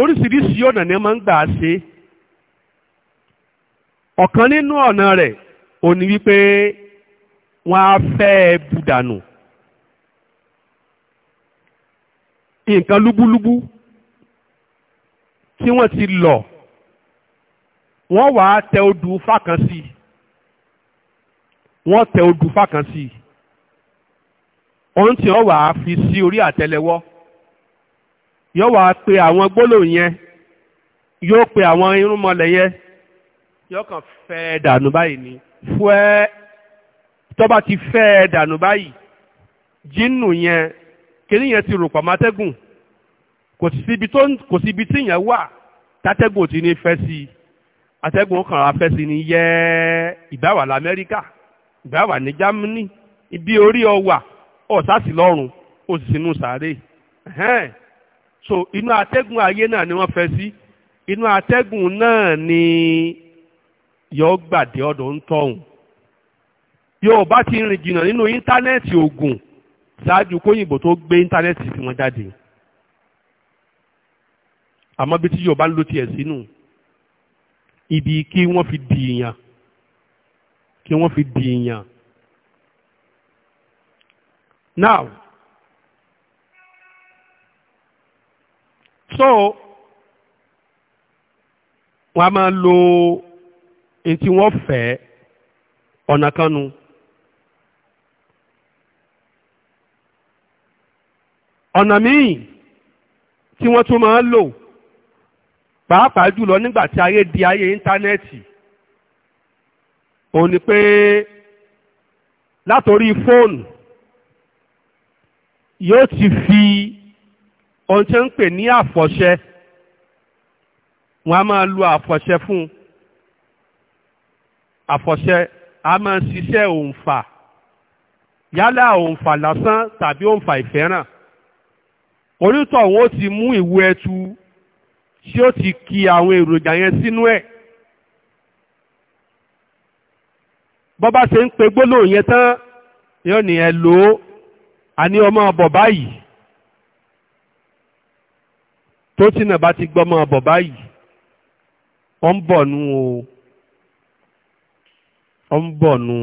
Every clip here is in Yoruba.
oríṣiríṣi ọ̀nà ni máa ń gbà ṣe ọ̀kan nínú ọ̀nà rẹ̀ ò ní wípé wọ́n á fẹ́ ẹ budànù nǹkan lúbúlúbú tí wọ́n ti lọ̀ wọ́n wàá tẹ odù fákan sí wọ́n tẹ odù fákan sí ohun tí wọ́n wàá fi sí orí àtẹ́lẹwọ́ yóò wá pe àwọn gbólóhùn yẹn yóò pe àwọn irúnmọlẹ̀ yẹn yóò kàn fẹ́ dànù báyìí ni fúẹ́ tó bá ti fẹ́ dànù báyìí jínù yẹn kíní yẹn ti rò pọ̀ mátẹ́gùn kò sí ibi tí yẹn wà tátẹ́gùn ò ti ní fẹ́ sí i atẹ́gùn kan afẹ́ sí ni yẹ́ ìbáwà lamẹ́ríkà ìbáwà ní Jámánì ibi orí ọwà ọ̀sásìlọ́run ó sì sínú sàárè so inú atẹ́gùn ayé náà ni wọ́n fẹ́ sí inú atẹ́gùn náà ni yọ gbàdé ọ̀dọ̀ ń tọ̀hún yóò bá ti rìn jìnnà nínú íńtánẹ́ẹ̀tì ògùn ṣáájú kóyìnbó tó gbé íńtánẹ́ẹ̀tì sí wọn jáde àmọ́ bí tí yóò bá ń lo tiẹ̀ sínú ibi kí wọ́n fi di èèyàn kí wọ́n fi di èèyàn now so wọ́n a máa lo etí wọ́n fẹ́ ọ̀nà kan nu. ọ̀nà míì tí wọ́n tún máa ń lò pàápàá jùlọ nígbà tí ayé di ayé íńtánẹ́ẹ̀tì òun pé látòrí fóònù yóò ti fi ohun tí ń pè ní àfọ̀ṣẹ wọ́n á máa lo àfọ̀ṣẹ fún un àfọ̀ṣẹ á máa ṣiṣẹ́ òǹfà yálà òǹfà lásán tàbí òǹfà ìfẹ́ràn onítọ̀hún ó ti mú ìwé ẹtu tí ó ti ki àwọn èròjà yẹn sínú ẹ̀ bọ́ bá ṣe ń pe gbólóhùn yẹn tán yóò ní ẹ lò ó àní ọmọ ọbọ̀ báyìí tó tí náà bá ti gbọ́mọ ọbọ̀ báyìí ó ń bọ̀ nú o ó ń bọ̀ nú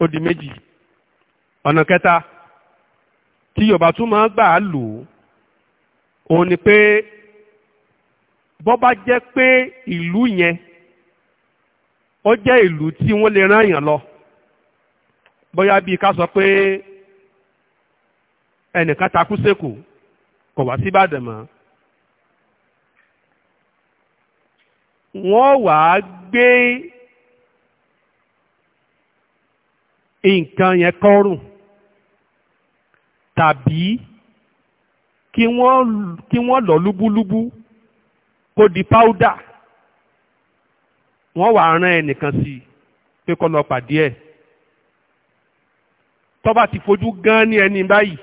ó di méjì ọ̀nà kẹta tí Yorùbá tún máa gbà á lò òun ni pé bọ́ bá jẹ́ pé ìlú yẹn ó jẹ́ ìlú tí wọ́n lè rán lọ bóyá bíi ká sọ pé ẹnìkan takú sékòó kò wá sí Ìbàdàn mọ́ wọ́n wà á gbé nǹkan yẹn kọ́rùn tàbí kí wọ́n lọ lúbúlúbú kó di páúdà wọ́n wà á rán ẹnìkan sí i pé kó lọ pàdé ẹ̀ tó ti fojú gan ní ẹni báyìí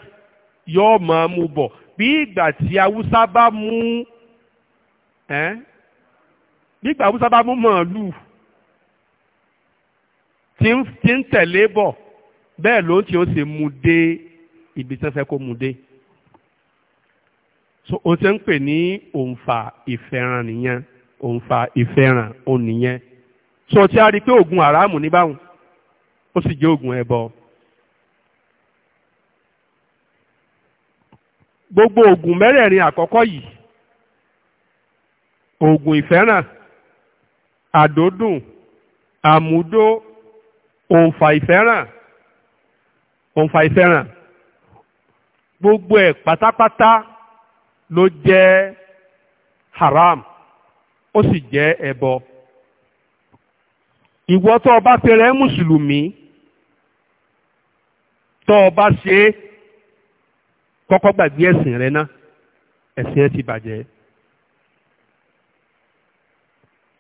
yóò máa mú bọ̀ bí ìgbà tí haúsá bá mú bí ìgbà haúsá bá mú màálù tí ń tẹ̀lé bọ̀ bẹ́ẹ̀ ló ti ó sì mú dé ibi tí wọ́n fẹ́ kó mú dé so o ti ń pè ní òǹfà ìfẹ́ràn nìyẹn òǹfà ìfẹ́ràn òun nìyẹn so ti a rí i pé oògùn àràmù ní báwọn ó sì jẹ́ oògùn ẹbọ. gbogbo oògùn mẹ́rẹ̀ẹ̀rin àkọ́kọ́ yìí oògùn ìfẹ́ràn àdódùn àmúdó òǹfà ìfẹ́ràn òǹfà ìfẹ́ràn gbogbo ẹ̀ pátápátá ló jẹ́ haram ó sì jẹ́ ẹbọ ìwọ tó o mùsùlùmí tó o ṣe é kọ́kọ́ gbàgbé ẹ̀sìn rẹ ná ẹ̀sìn ẹ ti bàjẹ́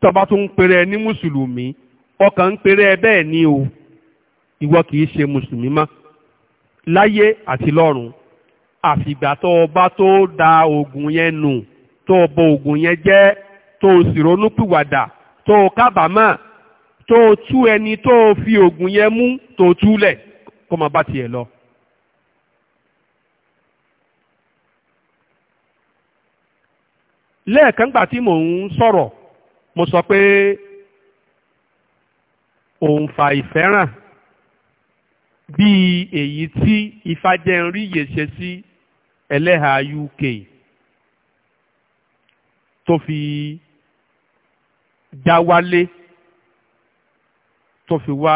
tọba tó ń pèrè ní mùsùlùmí ọkàn ń pèrè bẹ́ẹ̀ ni o ìwọ kìí ṣe mùsùlùmí mọ́ láyé àti lọ́run àfìgbà tó o bá tó da oògùn yẹn nù tó o bọ oògùn yẹn jẹ́ tó o sì ronúpìwàdà tó o kábàámọ̀ tó o tú ẹni tó o fi oògùn yẹn mú tó o túlẹ̀ kó má bá tiẹ̀ lọ. lẹ́ẹ̀kan gbà tí mò ń sọ̀rọ̀ mo sọ pé òǹfà ìfẹ́ràn bíi èyí tí ìfàjẹ́nrí yè ṣe sí ẹlẹ́hà UK tó fi já wálé tó fi wá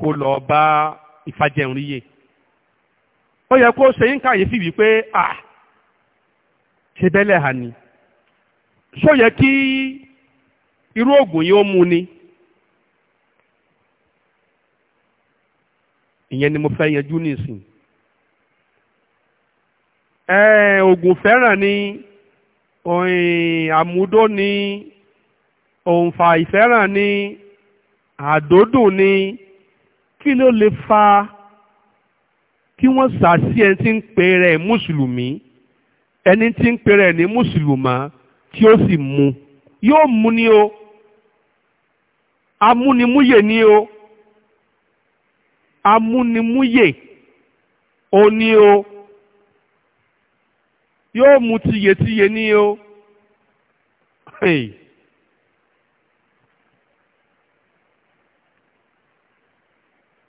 kó lọ bá ìfàjẹ́nrí yè ó yẹ kó ṣe ń kàyéfì wípé ah ṣe bẹ́lẹ̀ hà ni ṣó yẹ kí irú oògùn yìí ó mu ni ìyẹn ni mo fẹ́ yanjú nísìn ẹ̀ẹ́n oògùn fẹ́ràn ni òyìn àmúdó ni òǹfà ìfẹ́ràn ni àdódùn ni kí ló lè fa kí wọ́n sàásí ẹ tí ń pe rẹ̀ mùsùlùmí ẹni tí ń pèrè ní mùsùlùmá tí ó sì mu yóò mu ni o amúnimúyè ni o amúnimúyè o ni o yóò mu tiyetiye ni o hey.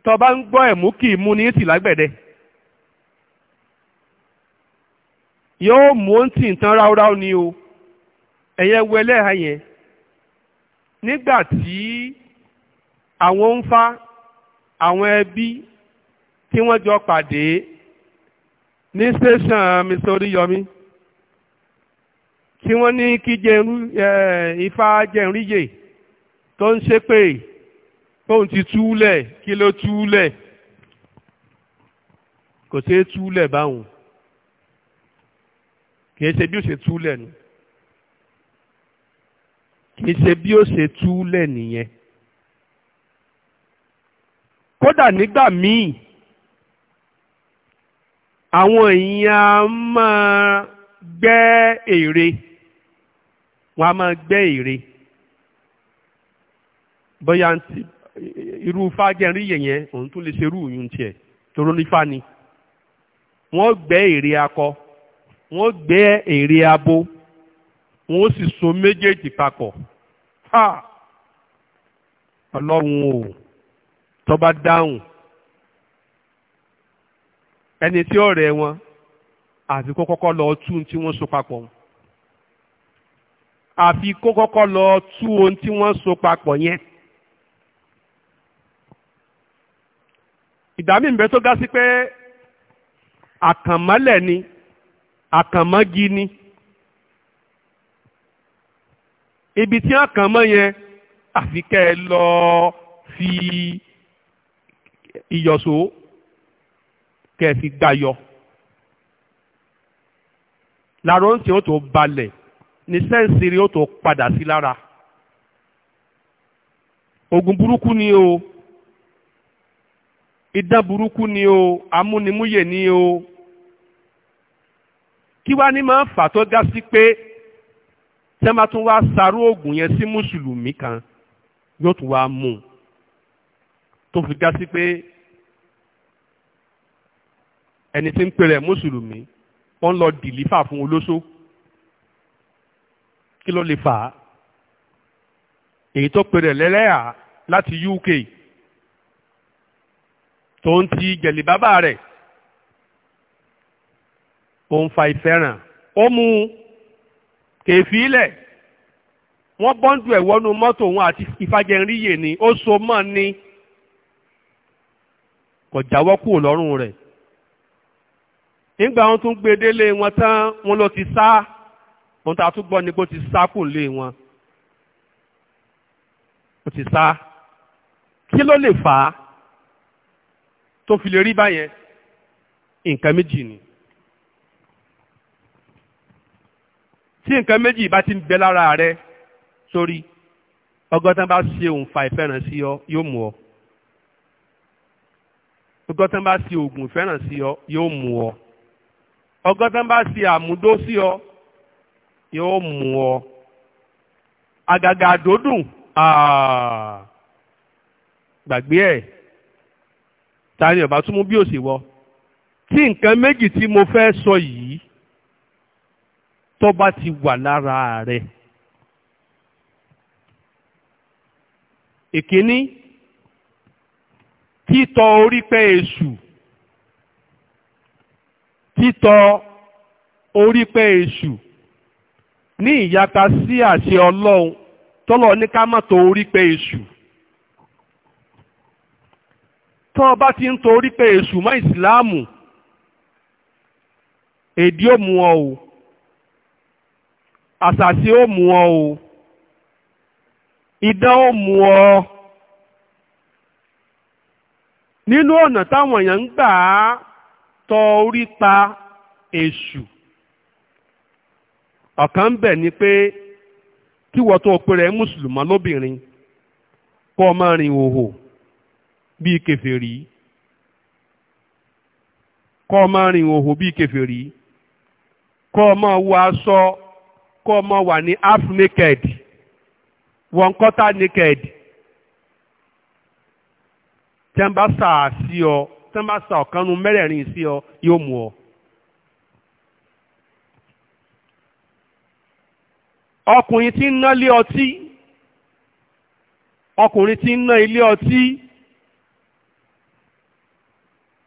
ń gbọ́ ẹ̀mú kì í mu ní tìlágbẹ̀dẹ. yóò mú ó ń tì ráúráú ni o ẹ̀yẹ wo ẹlẹ́ha yẹn nígbà tí àwọn ń fa àwọn ẹbí tí wọ́n jọ pàdé ní station missouri yomi tí wọ́n ní kí ifá jẹ̀ríyè tó ń ṣépè tóun ti túlẹ̀ kí ló túlẹ̀ kò ṣeé túlẹ̀ báwọn kìí ṣe bí ó ṣe túlẹ̀ nu kìí ṣe bí ó ṣe túlẹ̀ nìyẹn kódà nígbà míì àwọn èèyàn máa gbẹ́ ère wọn a máa gbẹ́ ère bóyá irú fájẹ́rí yẹ̀yẹn òun tún lè ṣerú òyìn tiẹ̀ torónífá ni wọ́n gbẹ́ ère akọ wọ́n gbé èrè abo wọ́n sì so méjèèjì papọ̀ ha ọlọ́run o tó bá dáhùn ẹni tí ọ̀rẹ́ wọn àfi kó kọ́kọ́ lọ tú ohun tí wọ́n so papọ̀ àfi kó kọ́kọ́ lọ tú ohun tí wọ́n so papọ̀ yẹn. ìdá mi ń bẹ tó ga sí pé àkànmọ́lẹ̀ ni àkànmọ́gi ni ibi tí àkànmọ́ yẹn àfi kẹ́ ẹ lọ fi ìyọ̀só kẹ́ ẹ fi gbáyọ làrọ̀ ń tí ó tó balẹ̀ ní sẹ́ǹsì rí ó tó padà sí lára ogun burúkú ni o idán burúkú ni o amúnimúyè ni o kí wá ní máa ń fà tó gá sí pé tẹ́ máa tún wá sarú oògùn yẹn sí mùsùlùmí kan yóò tún wá mú un tó fi gá sí pé ẹni tí ń pè rẹ̀ mùsùlùmí wọ́n lọ dìlífà fún olóṣó kí ló lè fà á èyí tó pè rẹ̀ lẹ́lẹ́yà láti UK tó ń ti jẹ̀lì bàbá rẹ̀ ó ń fa ìfẹ́ràn ó mú un kèéfì ilẹ̀ wọ́n bọ́ǹdù ẹ̀ wọnú mọ́tò wọn àti ìfàjẹ̀ríyè ni ó so mọ́ ni kò jáwọ́ kúrò lọ́rùn rẹ̀ nígbà wọn tún gbé délé wọn tán wọn ló ti sá ohun tá a tún gbọ́ ni pé ti sá kù lé wọn ó ti sá kí ló lè fà á tó fi lè rí báyẹn nǹkan méjì ni tí nǹkan méjì bá ti ń bẹ lára rẹ sórí ọgọ́tán bá ṣe òǹfà ìfẹ́ràn sí ọ yóò mú ọ ọgọ́tán bá ṣe oògùn ìfẹ́ràn sí ọ yóò mú ọ ọgọ́tán bá ṣe àmúdó sí ọ yóò mú ọ àgàgà àdódùn gbàgbé ẹ̀ ta ni ọba tún mú bí òsè wọ tí nǹkan méjì tí mo fẹ́ sọ yìí tó bá ti wà lára rẹ̀. ìkíní títọ orí pẹ́ èṣù títọ orí pẹ́ èṣù ní ìyapa sí àṣẹ ọlọ́run tọ́lọ̀ ní ká má tọ orí pẹ́ èṣù tọ́ bá ti ń tọ orí pẹ́ èṣù mọ́ ìsìláàmù èdí ò mú ọ o. Asasi o mú o idan o mú nínú ọ̀nà táwọn èèyàn ń gbà á tọ orí ni pe rẹ̀ mùsùlùmá lóbìnrin kó o máa rìn òhò bíi kèfèrí kó o máa rìn òhò bíi kó o máa wọ aṣọ kó ọmọ wà ní half naked one quarter naked tí wọ́n sà sí ọ tí wọ́n bá sà ọ̀kanú mẹ́rẹ̀ẹ̀rin sí ọ yóò mú ọ. ọkùnrin ti ń ná ilé ọtí ọkùnrin ti ń ná ilé ọtí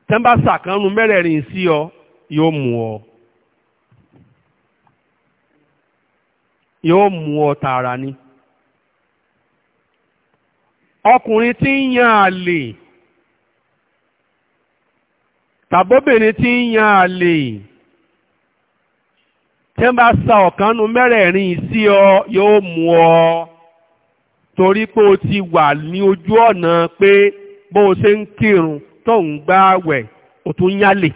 tí wọ́n bá sà kanú mẹ́rẹ̀ẹ̀rin sí ọ yóò mú ọ. yóò mú ọ tààrà ni ọkùnrin tí ń yan àlè tàbóbìnrin tí ń yan àlè tí ń bá sa ọ̀kan nu mẹ́rẹ̀ẹ̀rin sí ọ yóò mú ọ torí pé o ti wà ní ojú ọ̀nà pé bó o ṣe ń kírun tó ń gbá wẹ̀, o tún yálè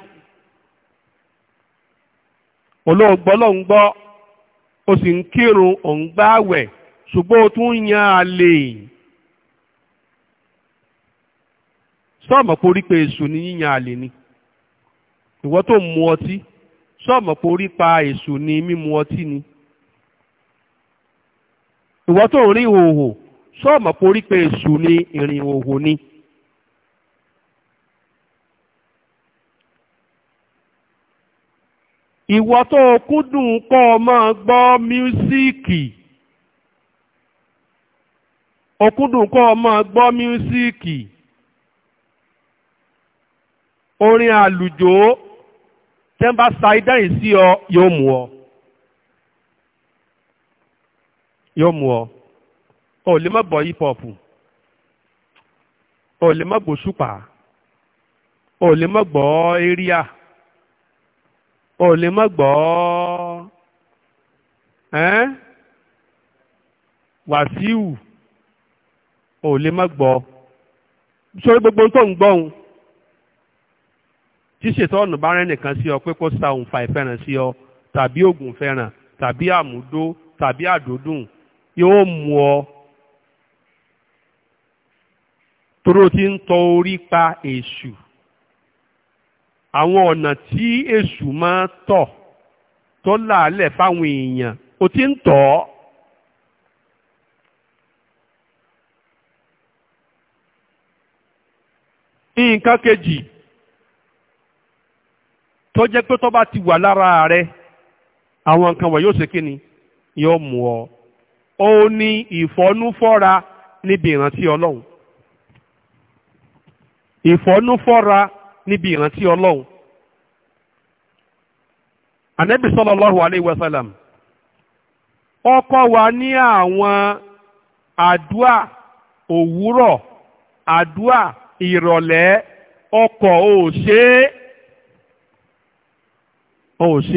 olóògbọ́ ló o sì ń kírun ò ń gbáwẹ̀ ṣùgbọ́n o tún ń yan àlè sọ́ọ̀mọ̀ porí pé èṣù ni yíyan àlè ni ìwọ tó ń ọtí sọ́ọ̀mọ̀ porí pa èṣù ni mímu ọtí ni ìwọ tó ń rí ìhòòhò sọ́ọ̀mọ̀ porí pé èṣù ni ìrìn ìhòòhò ni. ìwọ tó kúndùn kọ́ ọ máa gbọ́ míúsíìkì òkúndùn kọ́ ọ máa gbọ́ míúsíìkì orin àlùjò tẹ́ ń bá sa idáyìí sí ọ yóò mú ọ yóò mú ọ o lè má gbọ́ o lè má ṣùpà o lè má gbọ́ o lè má gbọ́ ẹ́n wàsíù o lè má gbọ́ sórí gbogbo tó ń gbọ́ òun tí bá rẹ́ nìkan sí ọ pé kó sa òǹfà ìfẹ́ràn sí ọ tàbí ògùn fẹ́ràn tàbí àmúdó tàbí àdódùn yóò mú ọ toró ti ń tọ orí pa èṣù. àwọn ọ̀nà tí èṣù máa tọ̀ tó láàlẹ̀ fáwọn èèyàn ó ti ń tọ̀ ọ́. nǹkan kejì tó jẹ́ pé tó bá ti wà lára rẹ àwọn nǹkan wọ̀nyí yóò ṣe kí ni yóò mú ọ ó ní ìfọ́núfọ́ra níbi ìrántí ọlọ́run ìfọ́núfọ́ra níbi ìrántí ọlọ́run ànábì sallallahu alayhi wa sallam ó kọ́ wa ní àwọn àdúà òwúrọ̀ àdúà ìrọ̀lẹ́ ọkọ̀ ò ṣe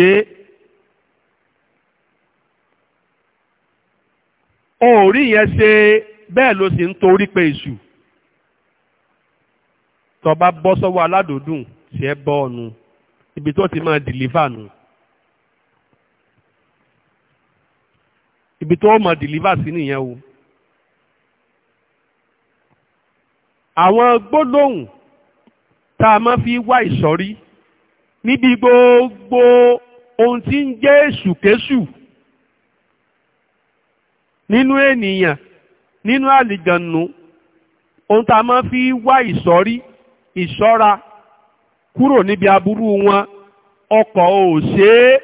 é ò yẹn ṣe bẹ́ẹ̀ ló sì ń torí pé èṣù tó bá bọ́ sọ́wọ́ aládòdùn tí ẹ bọ́ ọ̀nù ibi tó ti máa dìlífà nù ibi tó máa dìlífà sí nìyẹn o àwọn gbólóhùn tá a máa fi wá ìsọ̀rí níbi gbogbo ohun tí ń jẹ́ èṣùkéṣù nínú ènìyàn nínú àlìjànù ohun tá a máa fi wá ìsọ̀rí ìṣọ́ra kúrò níbi abúrú wọn ọkọ̀ ò ìṣèlọ̀rọ̀ é.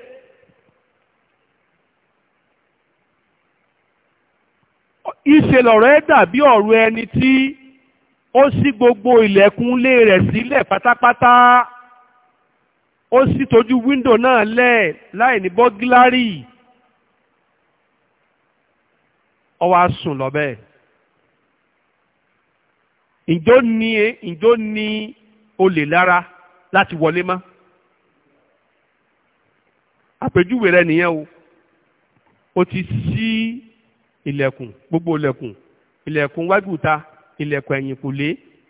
ìṣe lọ̀rọ̀ ẹ dàbí ọ̀rọ̀ ẹni tí ó sí gbogbo ilẹ̀kùnlé rẹ̀ sílẹ̀ pátápátá ó sì tójú wíńdò náà lẹ̀ láì ní bọ́gílárì ó wá sùn lọ bẹ́ẹ̀. ǹjọ́ ní ǹjọ́ ní olè lára láti wọlé mọ́ àpèjúwe rẹ nìyẹn o o ti ṣí ilẹ̀kùn gbogbo ilẹ̀kùn ilẹ̀kùn wájúta ilẹ̀kùn ẹ̀yìnkùlé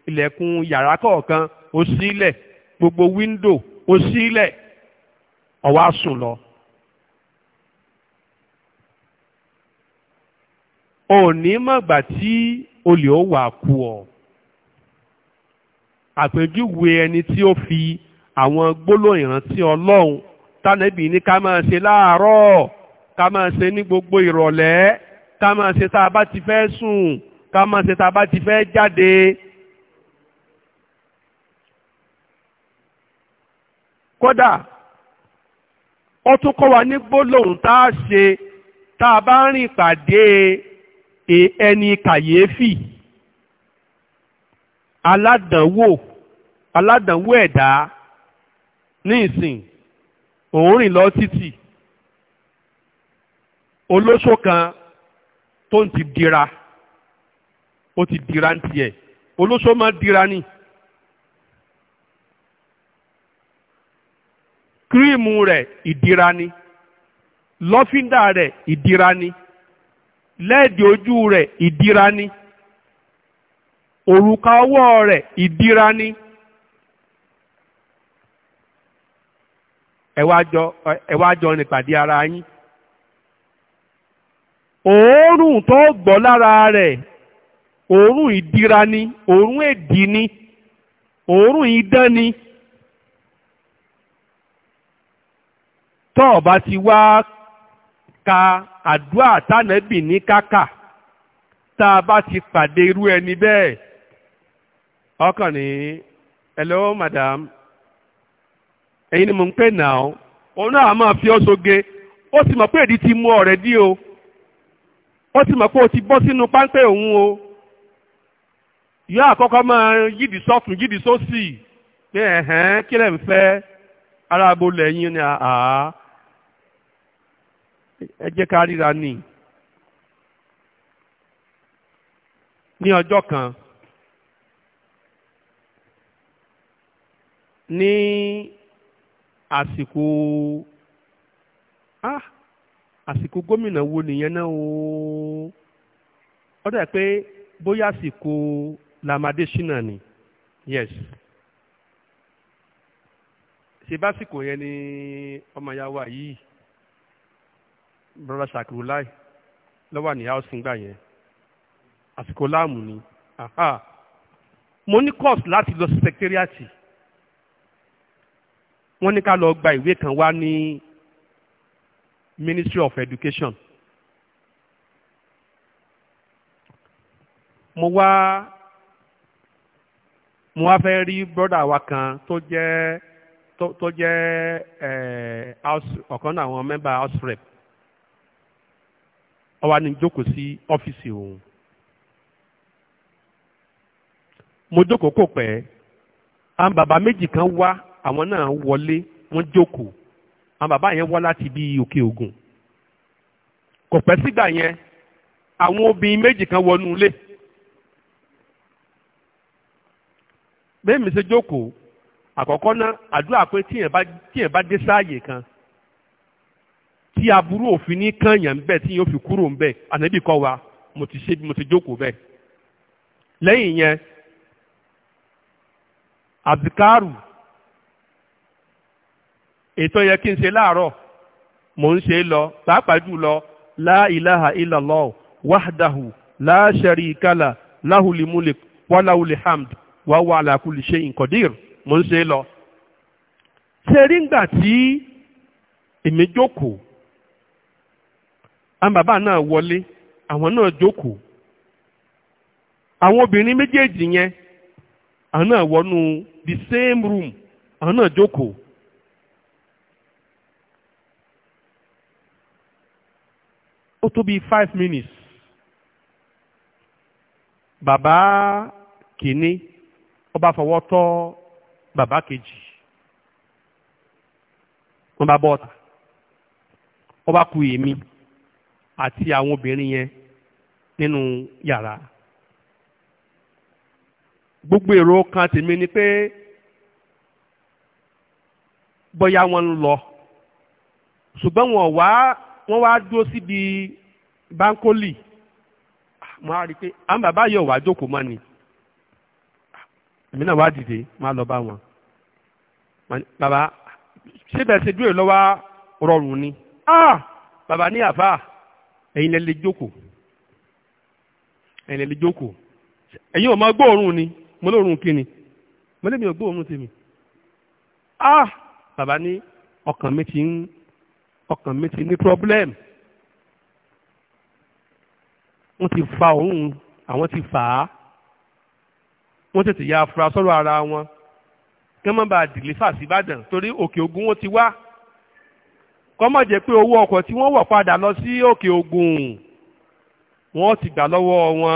ilẹ̀kùn yàrá kọ̀ọ̀kan o sílẹ̀ gbogbo wíńdò o sílẹ̀ ó wá sùn lọ. òní mọ̀gbà tí olè ó wà kú ọ àpèjúwe ẹni tí ó fi àwọn gbólóhùn ìrántí ọlọ́run tánẹ́bì ní ká máa ṣe láàárọ̀ ká máa ṣe ní gbogbo ìrọ̀lẹ́ ká máa ṣe tá a bá ti fẹ́ sùn ká máa ṣe tá a bá ti fẹ́ jáde. kódà ó tún kọ́ wa ní gbólóhùn tá a ṣe tá a bá rìn pàdé ẹni kàyéfì. E, aládànwò aládànwò ẹ̀dá ní ìsìn òun rìn lọ títì olóṣó kan tó ń ti dira ó ti dira ń tiẹ̀ olóṣó máa dira ni. kíríìmù rẹ̀ ìdira ni lọ́fíńdà rẹ̀ ìdira ni lẹ́ẹ̀dì ojú rẹ̀ ìdira ni. òrùka ọwọ́ rẹ̀ ìdíra ni ẹ wá jọ nípàdé ara yín òórùn tó gbọ́ lára rẹ̀ òórùn ìdíra ni òórùn èdì ni òórùn idán ni tọ́ọ̀ bá ti wá ka àdúrà tánẹ́bì ní kákà tá a bá ti pàdé irú ẹni bẹ́ẹ̀ ọkàn ní hello madam ẹ̀yin ni mo ń pè náà òun náà máa fi ọ soge ó sì mọ̀ pé èdè ti mú ọ̀rẹ́ dí o ó sì mọ̀ pé o ti bọ́ sínú páńpẹ́ òun o yóò àkọ́kọ́ máa yídì sọ́tún yídì sósì pé ẹ̀hẹ́n kí lẹ̀ ń fẹ́ ara kan ní àsìkò ah àsìkò gómìnà wo nìyẹn náà o ó dà pé bóyá àsìkò làmàdésínà ni yes ṣe básìkò yẹn ni ọmọ ya wa yìí brother Shakirulai lọ́wọ́ ní house ngbà yẹn àsìkò láàmù ni aha mo ní course láti lọ sí secretariat wọ́n ní ká lọ gba ìwé kan wá ní Ministry of Education. mo wá mo wá fẹ́ rí brọ́dà wa kan tó jẹ́ tó jẹ́ eh, ọ̀kan náà àwọn mẹ́mbà house rep ó ni ní jókòó sí ọ́fíìsì òun mo jókòó kò pẹ́ àwọn bàbá méjì kan wá àwọn náà wọlé wọ́n jókòó àwọn bàbá yẹn wá láti bí òkè ògùn kò pẹ́ sígbà yẹn àwọn obìnrin méjì kan wọnú ilé bẹ́ẹ̀ mi ṣe jókòó àkọ́kọ́ ná àdúrà pé tíyẹn bá tíyẹn bá dé sáàyè kan tí aburú òfin ní kànyàn bẹ́ẹ̀ tí yóò fi kúrò ń bẹ́ẹ̀ ànábì kọ́ wa mo ti ṣe mo ti jókòó bẹ́ẹ̀ lẹ́yìn yẹn àbíkárù ètò yẹ kí n ṣe láàárọ̀ mò ń ṣe lọ pàápàá jùlọ la ilaha illallah wahdahu la sharika la lahul mulk wa hamd wa huwa ala kulli shay'in qadir mò ń ṣe lọ. ṣe rí ngbà tí èmi jókòó àwọn bàbá náà wọlé àwọn náà jókòó àwọn obìnrin méjèèjì yẹn àwọn náà wọnú the same room àwọn náà jókòó ó tó bí five minutes bàbá kìíní ó bá fọwọ́ tọ́ bàbá kejì wọ́n bá bọ́ ọ̀tà ó bá ku èmi àti àwọn obìnrin yẹn nínú yàrá gbogbo èrò kan tèmi ni pé bóyá wọ́n ń lọ ṣùgbọ́n wọn wá wọ́n wá dúró síbi báńkólì ah, mo á rí i pé àwọn bàbá yóò wá jókòó mọ́ ni ah, èmi náà wá dìde má lọ bá wọn bàbá síbẹ̀ ṣe dúró lọ́wọ́ rọrùn ni ah, bàbá ní àfà ẹ̀yin lẹ lè jókòó ẹ̀yin lẹ lè jókòó ẹ̀yin ò mọ gbóòórùn ni mo lóòórùn kí ni mo lè mi ò gbóòórùn tèmi bàbá ní ọkàn mi ti ń ọkàn mi ti ní problem wọ́n ti fa òun àwọn ti fà á wọ́n tètè ya afura sọ́rọ̀ ara wọn kí wọ́n má bàa dìlífà sí Ìbàdàn torí òkè Ògùn wọn ti wá kọ́mọ̀ jẹ́ pé owó ọkọ̀ tí wọ́n wọ̀ padà lọ sí òkè Ògùn wọ́n ti gbà lọ́wọ́ wọn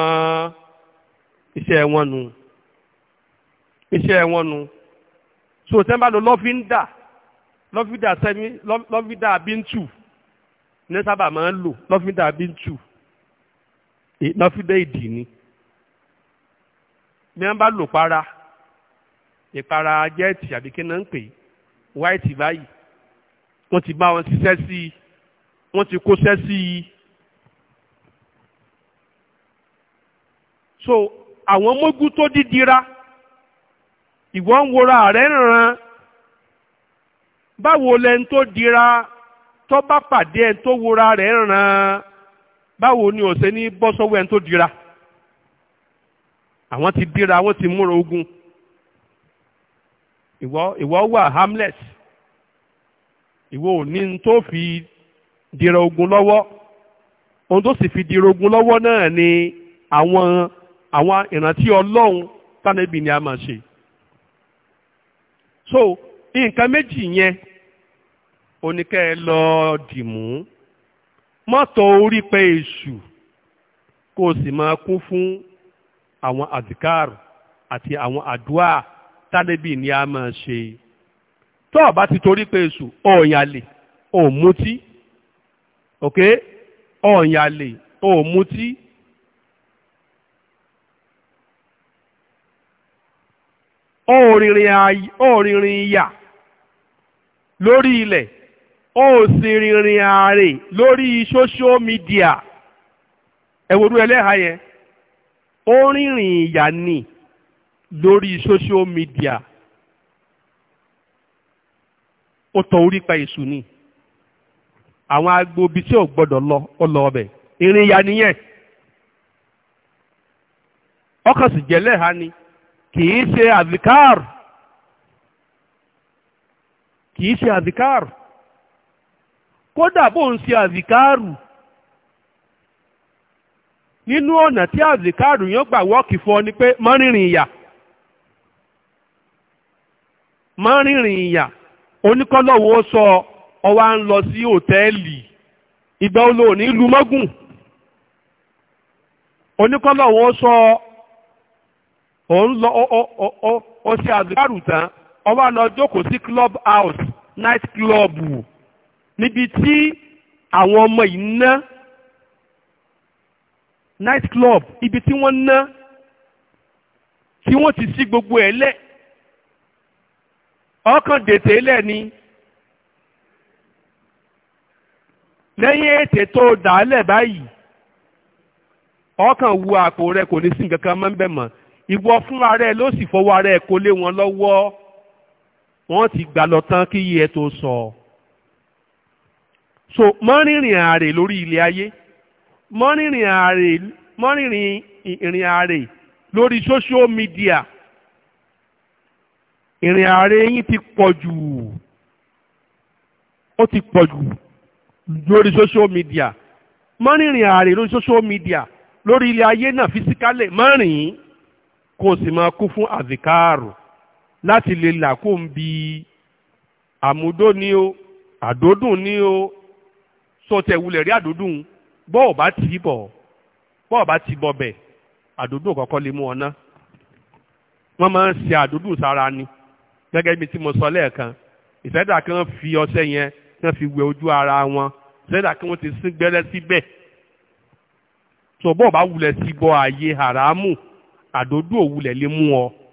iṣẹ́ wọn nu iṣẹ́ wọn nu so tẹ́ ń bá lo lọ́fíńdà lọ́fídà sẹ́mi lọ́fídà bíntù ní sábà máa ń lò lọ́fídà bíntù lọ́fídà ìdì ni bí wọ́n bá lò para ìpara jẹ́ẹ̀tì àbí kí náà ń pè wáìtì báyìí wọ́n ti bá wọn ṣiṣẹ́ sí i wọ́n ti kóṣẹ́ sí i. so àwọn mógú tó dídira ìwọ ń wora rẹ̀ ràn báwo lẹni tó dira tó bá pàdé ẹni tó wura rẹ̀ ràn báwo ni ó ṣe ní bọ́ sọ́wọ́ ẹni tó dira àwọn ti dira wọ́n ti múra ogun ìwọ ìwọ wà harmless ìwọ ò ní tó fi dira ogun lọ́wọ́ ohun tó sì fi dira ogun lọ́wọ́ náà ni àwọn àwọn ìrántí ọlọ́run tánàbì ni a máa ṣe so nǹkan méjì yẹn oníkẹ́ ẹ lọ dìmú mọ́tò orí pé èṣù kó o sì máa kún fún àwọn àdìkárù àti àwọn àdúà tálébì ni a máa ṣe tó o ti torí pé èṣù ọ̀ọ̀yàlè ọ̀ọ̀mutí òkè ọ̀ọ̀yàlè ọ̀ọ̀mutí. Okay? ọ̀rìnrìn rìnrìn ìyà lórí ilẹ̀ ó rìnrìn ààrẹ lórí social media ẹ̀wòrú ẹlẹ́ha yẹn ó rìnrìn ìyà ni lórí social media ó tọ orí pa èṣù ni àwọn agbóbi tí ò gbọdọ̀ lọ ó lọ ọbẹ̀ ìrìn ìyà nìyẹn sì jẹ́ ni. kìí ṣe àdìkáàrù kìí ṣe àdìkáàrù kódà bó ń ṣe àdìkáàrù nínú ọ̀nà tí àdìkáàrù yóò gbà wọ́ọ̀kì fún ọ ni pé mọ́rìnrìn ìyà mọ́rìnrìn ìyà oníkọ́lọ́wọ́ sọ ọ ń lọ sí ìgbà olóòní ìlú mọ́gùn òun lọ ó ṣe àdúgbàrù tán ó lọ jókòó sí club house night club níbi tí àwọn ọmọ yìí ná night club ibi tí wọ́n ná tí wọ́n ti sí gbogbo ẹ̀ lẹ̀ ọkàn dètè lẹ̀ ni lẹ́yìn ètè tó dà á lẹ̀ báyìí ọkàn wu àpò rẹ kò ní sí nǹkan ìwọ fún ara ẹ ló sì fọwọ́ ara ẹ kó lé wọn lọ́wọ́ wọ́n ti gbà lọ tán kí iye tó sọ so mọ́rìnrìn ààrè lórí ilé ayé mọ́rìnrìn ààrè mọ́rìnrìn ìrìn ààrè lórí social media ìrìn ààrè yín ti pọ̀ jù ó ti pọ̀ jù lórí social media mọ́rìnrìn ààrè lórí social media lórí ilé ayé náà fisikálẹ̀ mọ́rìn yín kó o sì máa kún fún àzìkáàrò láti lè là kó ń bi àmúdó ni o àdódùn ni o sọtẹ̀ wulẹ̀ rí àdódùn bọ́ọ̀ bá ti bọ̀ bọ́ọ̀ bá ti bọ̀ bẹ̀ àdódùn kọ́kọ́ lè mú ọ ná wọ́n máa ń ṣe àdódùn sára ni gẹ́gẹ́ bí tí mo sọ lẹ́ẹ̀kan ìṣẹ̀dá kan fi ọṣẹ yẹn kan fi wẹ ojú ara wọn ìṣẹ̀dá kan wọ́n ti sín gbẹ́rẹ́ síbẹ̀ tó bọ́ọ̀ bá wulẹ̀ sí bọ ààyè haramu àdójú òwúlẹ̀ lè mú ọ.